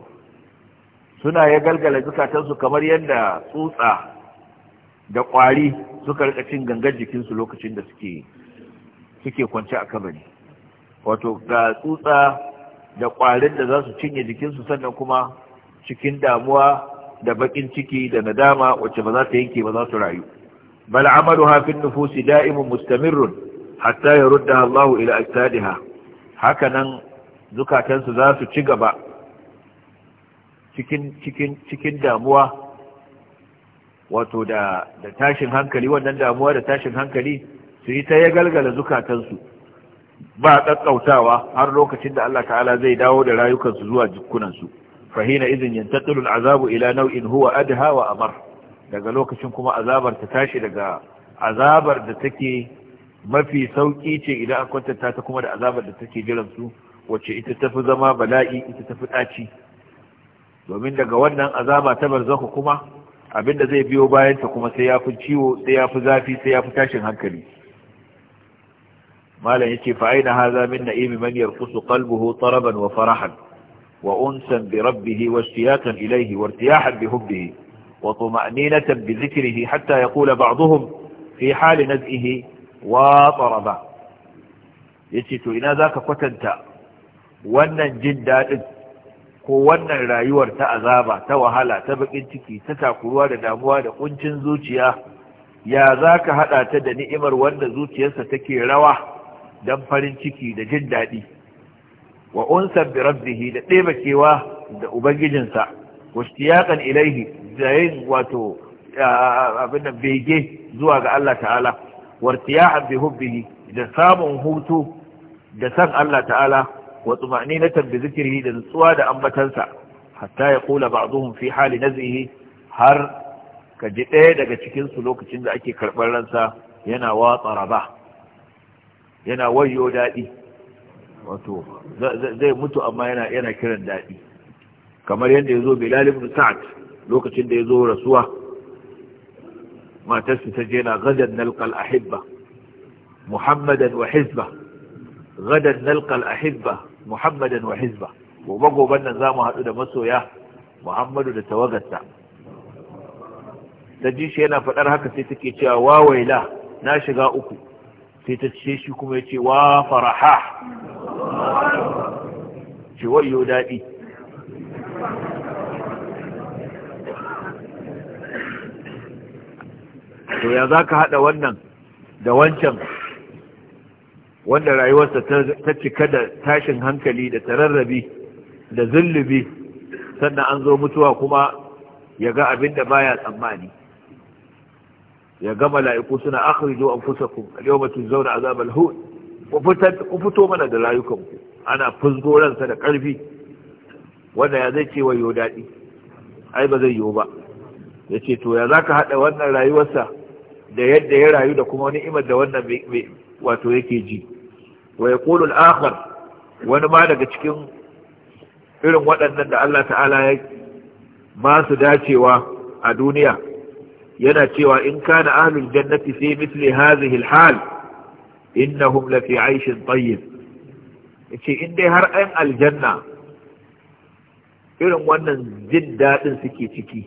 Speaker 2: suna ya galgala zukatansu kamar yadda tsutsa da ƙwari suka rika cin gangar jikinsu lokacin da suke suke kwance a kabari wato ga tsutsa da ƙwarin da za su cinye jikinsu sannan kuma cikin damuwa da bakin ciki da nadama wacce ba za ta yanke ba za su rayu bal hafin fi nufusi da'imun Mustamirun. hatta ya ruddaha Allahu ila haka hakanan zukatansu za su ci gaba cikin damuwa wato da tashin hankali wannan damuwa da tashin hankali su yi ta ya galgala zukatansu ba ƙaƙƙautawa har lokacin da Allah ta'ala zai dawo da rayukansu zuwa jikunansu fahina izin tattalin azabu ila nau'in huwa adha wa amar daga lokacin kuma azabar ta tashi daga azabar da take mafi sauƙi ce idan an kwatanta ta kuma da azabar da take su. wacce ita tafi zama bala'i ita tafi ɗaci domin daga wannan azaba ta barzakhu kuma abinda zai biyo bayan ta kuma sai ya fi ciwo sai ya fi zafi sai ya fi tashin hankali malam yace fa aina hadha min na'imi man yarqusu qalbuhu taraban wa farahan wa unsan bi rabbih wa istiyatan ilayhi wa irtiyahan bi hubbihi wa tuma'ninatan bi dhikrihi hatta yaqula ba'dhum fi hali nad'ihi wa taraba yace to ina zaka kwatanta wannan jin daɗin ko wannan rayuwar ta azaba ta wahala ta bakin ciki ta takuruwa da damuwa da kuncin zuciya ya za ka haɗa ta da ni'imar wanda zuciyarsa take rawa don farin ciki da jin daɗi wa unsan bi rabbihi da ɗebakewa da ubangijinsa washtiyakan ilaihi da yin wato abin bege zuwa ga Allah ta'ala wartiyahan bi hubbihi da samun hutu da san Allah ta'ala wa na bi zikiri da nutsuwa da ambatansa hatta ya kula ba'dhum fi hali naz'ihi har ka ji ɗaya daga cikinsu lokacin da ake karɓar ransa yana watsa raba yana wayo daɗi wato zai mutu amma yana yana kiran daɗi kamar yadda ya zo bilal sa'ad lokacin da ya zo rasuwa matarsa ta je na gadan nalqal ahibba muhammadan wa hizba gadan a ahibba muhammadan wa hizba gobe goben nan za mu haɗu da masoya muhammadu da tawagarsa ta ji shi yana faɗar haka sai take cewa wa waila na shiga uku sai ta ce shi kuma ya ce wa faraha ce wayo daɗi to ya za ka haɗa wannan da wancan wanda rayuwarsa ta cika da tashin hankali da tararrabi da
Speaker 1: zullubi
Speaker 2: sannan an zo mutuwa kuma ya ga abin da baya tsammani ya ga mala'iku suna akhrijo anfusakum al yau mutum zaune a zaɓar ku fito mana da layukanku ana fusgo ransa da ƙarfi wanda ya zai ce yau daɗi ai ba zai yiwu ba ya ce to ya za ka haɗa wannan rayuwarsa da yadda ya rayu da kuma wani imar da wannan wato yake ji wa yaqulu al-akhar wani ma daga cikin irin waɗannan da Allah ta'ala ya masu dacewa a duniya yana cewa in kana ahlul jannati fi misli hazi hilhal, hal innahum fi 'ayshin tayyib yace in dai har ayin aljanna irin wannan jin daɗin suke ciki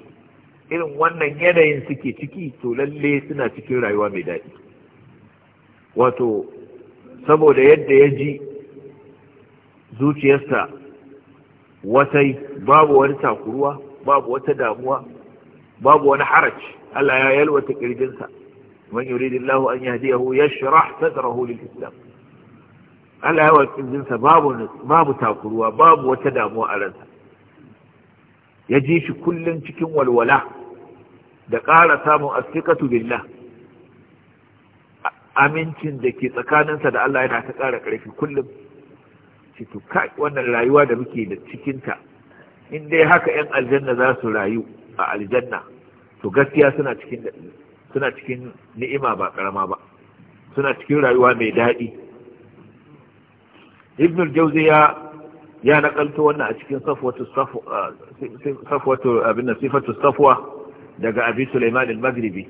Speaker 1: irin wannan yanayin
Speaker 2: suke ciki to lalle suna cikin rayuwa mai daɗi wato saboda yadda ya ji zuciyarsa wasai babu wani takuruwa babu wata damuwa babu wani haraj Allah ya yalwata kirjinsa man yuridillahu an yahdiyahu yashrah sadrahu lil islam Allah ya wata kirjinsa babu babu takuruwa babu wata damuwa a ransa ya ji shi kullum cikin walwala da ƙara samun asfikatu billah amincin da ke tsakaninsa da Allah yana ta ƙara ƙarfi kullum shi to kai wannan rayuwa da muke da cikinta in dai haka 'yan aljanna za su rayu a aljanna to gaskiya suna cikin suna cikin ni'ima ba karama ba suna cikin rayuwa mai daɗi ibn jauzi ya ya nakalto wannan a cikin safwatu eh, safwatu abin sifatu safwa daga abi sulaiman al-maghribi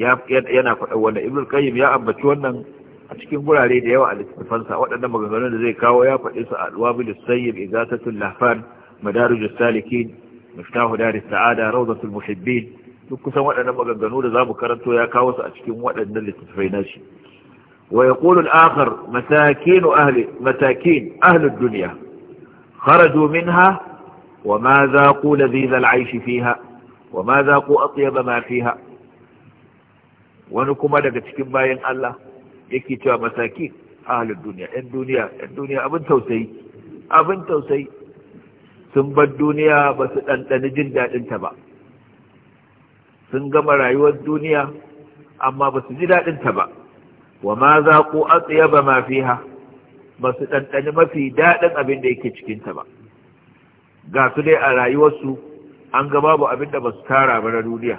Speaker 2: yana faɗa wanda ibn qayyim ya ambaci wannan a cikin gurare da yawa a littafansa waɗannan maganganun da zai kawo ya faɗi su al-wabil sayyib igasatul lahfan madarijus salikin miftahu daris sa'ada rawdatul muhibbin duk kusan waɗannan maganganu da zamu karanto ya kawo su a cikin waɗannan littafai nashi wa yaqulu al-akhar masakin ahli matakin ahli ad-dunya kharaju minha وما ذاقوا لذيذ العيش فيها وما ذاقوا أطيب ما فيها wani kuma daga cikin bayan Allah yake cewa masaki ahalin duniya ɗan duniya ɗan duniya abin tausayi abin tausayi sun bar duniya ba su ɗanɗani jin daɗinta ba sun gama rayuwar duniya amma ba su ji ta ba wa ma za ku a tsaye ba mafi ha ba su ɗanɗani mafi daɗin abin da yake ta ba ga su dai a rayuwarsu an ga babu abin da ba su tara ba na duniya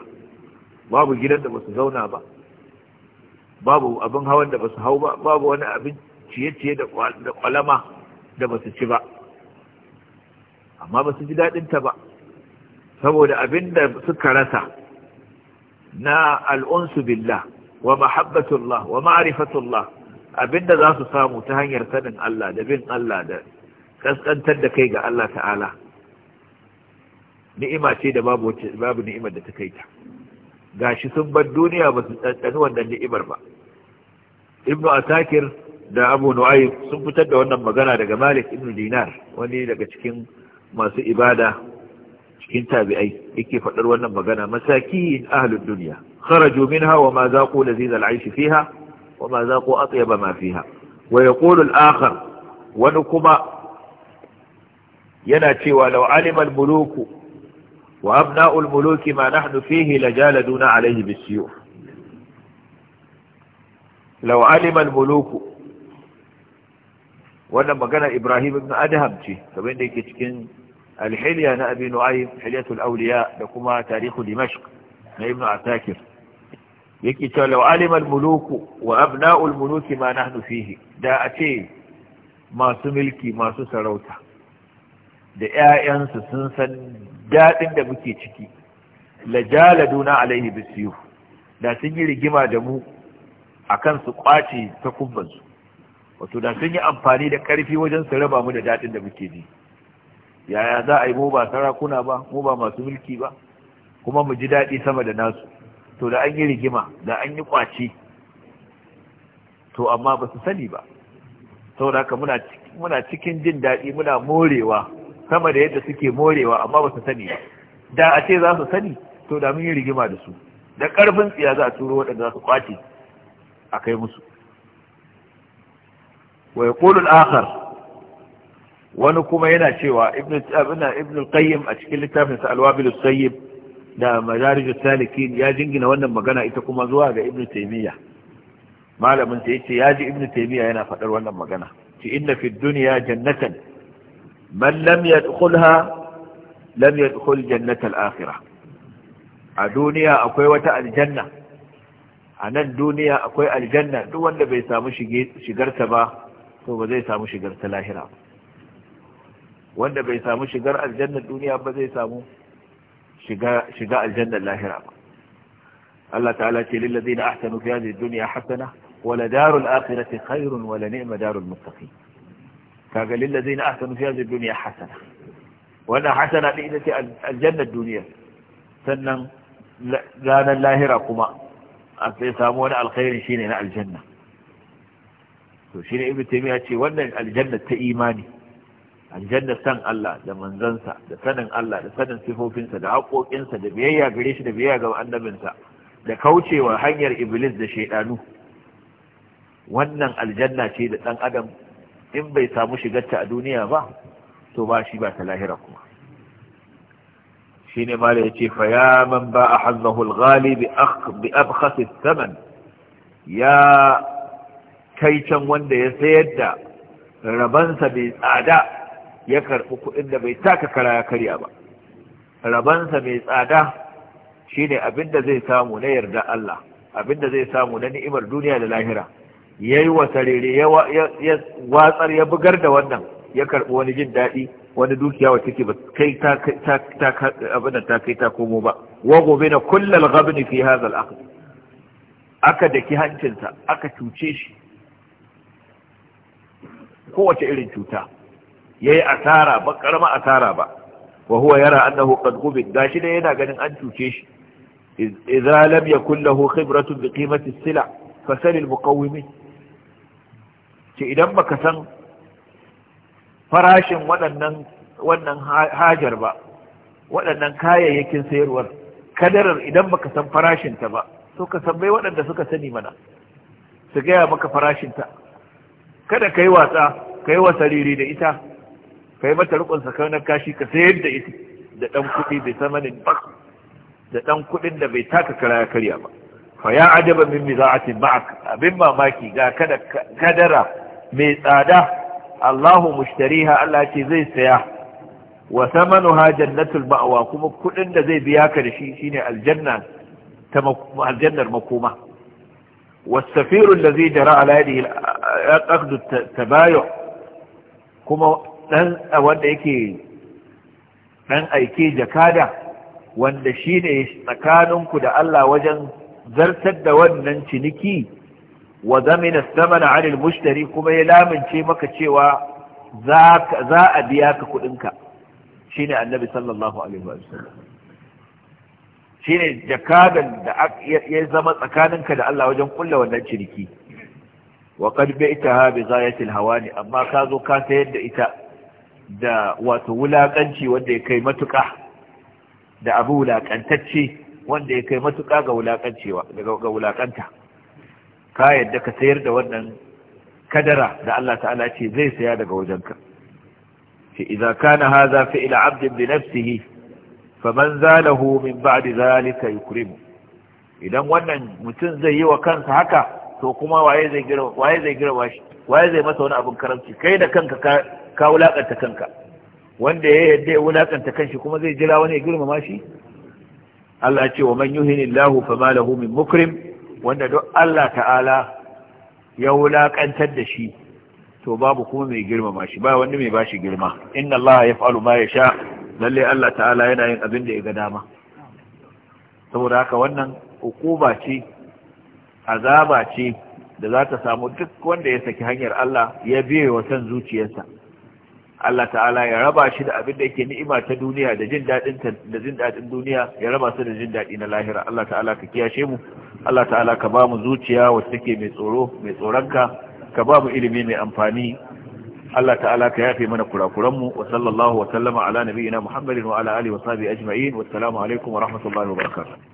Speaker 2: babu gidan da ba su zauna ba babu abin hawan da basu hau ba babu wani abin ciye-ciye da kwalama da basu ci ba amma basu ji daɗin ta ba saboda abin da suka rasa na al'unsu billah wa mahabbatullah wa ma'rifatullah abinda za su samu ta hanyar sanin Allah da bin Allah da kaskantar da kai ga Allah ta'ala ni'ima ce da babu ni'imar da ta kai ta gashi sun bar duniya ba su tsantsani wannan ni'imar ba ibnu asakir da abu nu'aym sun fitar da wannan magana daga malik ibnu dinar wani daga cikin masu ibada cikin tabi'ai yake faɗar wannan magana masakin ahlud duniya kharaju minha wa ma zaqu laziz al'aish fiha wa ma zaqu atyaba ma fiha wa yaqulu al-akhar wani kuma yana cewa law alima al-muluku wa abna'u al-muluki ma nahnu fihi lajaladuna alayhi bis-siyuf law alima muluku wannan magana Ibrahim ibn Adham ce kamar da yake cikin al na Abi Nu'aym hilyatul da kuma tarihu Dimashq na Ibn Asakir yake cewa law muluku wa abna'ul muluki ma nahnu fihi da a ce masu milki masu sarauta da 'ya'yansu sun san daɗin da muke ciki la jaladuna alaihi bisiyu da sun yi rigima da mu akan su kwace ta kubbansu wato da sun yi amfani da karfi wajen su raba mu da daɗin da muke ji yaya za a yi mu ba sarakuna ba mu ba masu mulki ba kuma mu ji daɗi sama da nasu to da an yi rigima da an yi kwace to amma ba su sani ba saboda haka muna cikin jin daɗi muna morewa sama da yadda suke morewa amma ba su sani ba da a ce za su sani to da mun yi rigima da su da ƙarfin tsiya za a turo waɗanda za su kwace a kai musu wa yaqulu al-akhar wani kuma yana cewa ibn al-qayyim a cikin littafin sa al sayyib da madarij salikin ya jingina wannan magana ita kuma zuwa ga ibn Taimiyya. malamin sa yace yaji ibn Taimiyya yana faɗar wannan magana ci inna fi duniya, jannatan man lam yadkhulha lam yadkhul jannata a duniya akwai wata aljanna a nan duniya akwai aljanna duk wanda bai samu shigarta ba to ba zai samu shigarta lahira wanda bai samu shigar aljanna duniya ba zai samu shiga aljanna lahira ba Allah ta'ala ce lillazi na ahsanu fi hadhihi dunya hasana wa la darul akhirati khairun wa la ni'ma darul muttaqin kaga lillazi na ahsanu fi hadhihi dunya hasana wannan hasana din ita ce aljanna duniya sannan ranar lahira kuma a sai samu wani alkhairi shine na aljanna to shine ibnu taymiya ce wannan aljanna ta imani aljanna san Allah da manzansa da sanin Allah da sanin sifofinsa da haƙoƙinsa da biyayya gare shi da biyayya ga annabinsa da kaucewa hanyar iblis da shaidanu wannan aljanna ce da ɗan adam in bai samu shigarta a duniya ba to ba shi ba ta lahira kuma shine mala yace fa ya man ba a al-ghali bi akh saman ya kai can wanda ya sayar da rabansa mai tsada ya karɓi kuɗin da bai taka kara ya karya ba rabansa mai tsada shine abinda zai samu na yarda Allah abinda zai samu na ni'imar duniya da lahira yayi wasarere ya watsar ya bugar da wannan ya karɓi wani jin daɗi wani dukiya wa ke ba kai ta abin ta kai ta komo ba wa gobe na kullal gabni fi hadha al aqd aka daki hancinsa aka cuce shi kowace irin cuta yayi asara ba karama asara ba wa huwa yara annahu qad qubid gashi da yana ganin an cuce shi idza lam yakul lahu khibratun bi qimati as-sila fasal al muqawwimin ce idan baka san farashin waɗannan wannan hajar ba waɗannan kayayyakin sayarwar kadarar idan baka san farashinta ba so ka san bai waɗanda suka sani mana su gaya maka farashinta kada ka yi wasa ka yi riri da ita ka yi mata rikon sakanar kashi ka sayar da ita da ɗan kuɗi bai samanin ba da ɗan kuɗin da bai taka kara karya ba fa ya adaba min miza'atin ma'ak abin mamaki ga kada kadara mai tsada Allahu mushtariha Allah ce zai saya wa samanuha jannatul ma'wa kuma kudin da zai biya ka da shi shine aljanna ta aljannar makoma والسفير الذي جرى على يده عقد التبايع kuma dan wanda yake dan aike jakada wanda shine tsakaninku da Allah wajen zartar da wannan ciniki wa zamina thamana 'ala mushtari kuma ya lamince maka cewa za a biya ka kudinka shine annabi sallallahu alaihi wa sallam shine jakadan da ya zama tsakaninka da Allah wajen kulla wannan ciniki wa qad bi'taha bi ghayati hawani amma ka zo ka sayar da ita da wato wulakanci wanda ya kai matuka da abu wulakantacce wanda ya kai matuka ga wulakancewa ga wulakanta ka yadda ka sayar da wannan kadara da Allah ta'ala ce zai saya daga wajenka ce idza kana hadha fi'l 'abd bi nafsihi faman zalahu min ba'd zalika yukrimu idan wannan mutum zai yi wa kansa haka to kuma waye zai gira waye zai gira shi waye zai masa wani abin karamci kai da kanka ka ka wulakanta kanka wanda ya yadda ya wulakanta kanshi kuma zai jira wani ya girmama shi Allah ce wa man yuhinillahu fama lahu min mukrim wanda duk Allah ta'ala ya wulaƙantar da shi to babu kuma mai girmama shi ba wanda mai bashi girma inna Allah ya fa'alu ma ya sha lalle Allah ta'ala yana yin abin da ya ga dama saboda haka wannan hukuma ce azaba ce da za ta samu duk wanda ya saki hanyar Allah ya biye wa san zuciyarsa Allah ta'ala ya raba shi da abin da yake ni'ima ta duniya da jin daɗin da jin duniya ya raba su da jin daɗi na lahira Allah ta'ala ka kiyashe mu Allah ta'ala ka ba mu zuciya wacce take mai tsoro mai tsoronka ka ba mu ilimi mai amfani Allah ta'ala ka yafe mana kurakuran mu wa sallallahu wa sallama ala nabiyyina Muhammadin wa ala alihi wa sahbihi ajma'in wassalamu alaikum wa rahmatullahi wa barakatuh